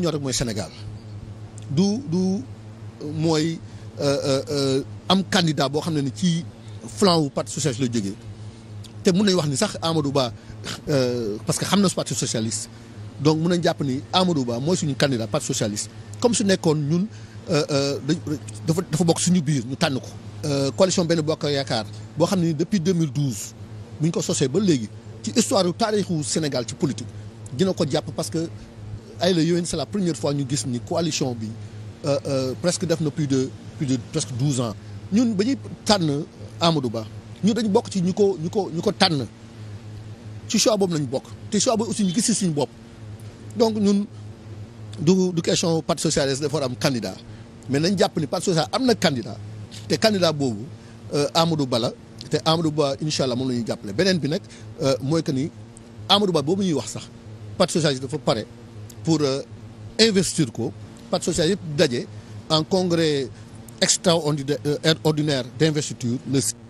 ñor rek mooy Sénégal du du mooy euh, euh, euh, am candidat boo xam ne ni ci flanc wu parti socialiste la jógee te mun nañu wax ni sax Amadou Ba parce que xam na su parti socialiste donc mun nañ jàpp ni Amadou Ba mooy suñu candidat parti socialiste comme su nekkoon ñun dafa dafa bokk suñu biir ñu tànn ko. coalition benn bokk yaakaar boo xam ne depuis 2012 bu ñu ko sosee ba léegi ci histoire taarixu Sénégal ci politique dina ko jàpp parce que ay la yowén c'est la première fois ñu gis ni coalition bi euh, euh, presque def na plus de plus de presque douze ans ñun ba ñuy tànn Amadou Ba ñu dañ bokk ci ñu ko ñu ko ñu ko tànn ci choix boobu lañ bokk te choix boobu aussi ñu gis si suñu bopp donc ñun du du question parti socialiste dafa war am candidat mais nañ jàpp ni parti socialiste am na candidat te candidat boobu euh, Amadou Ba la te Amadou Ba incha allah moom la jàppale beneen bi nag mooy que ni Amadou Ba boobu ñuy wax sax parti socialiste dafa pare pour euh, investir ko parti socialiste yëpp daje en congrès extraordinaire euh, d' investiture le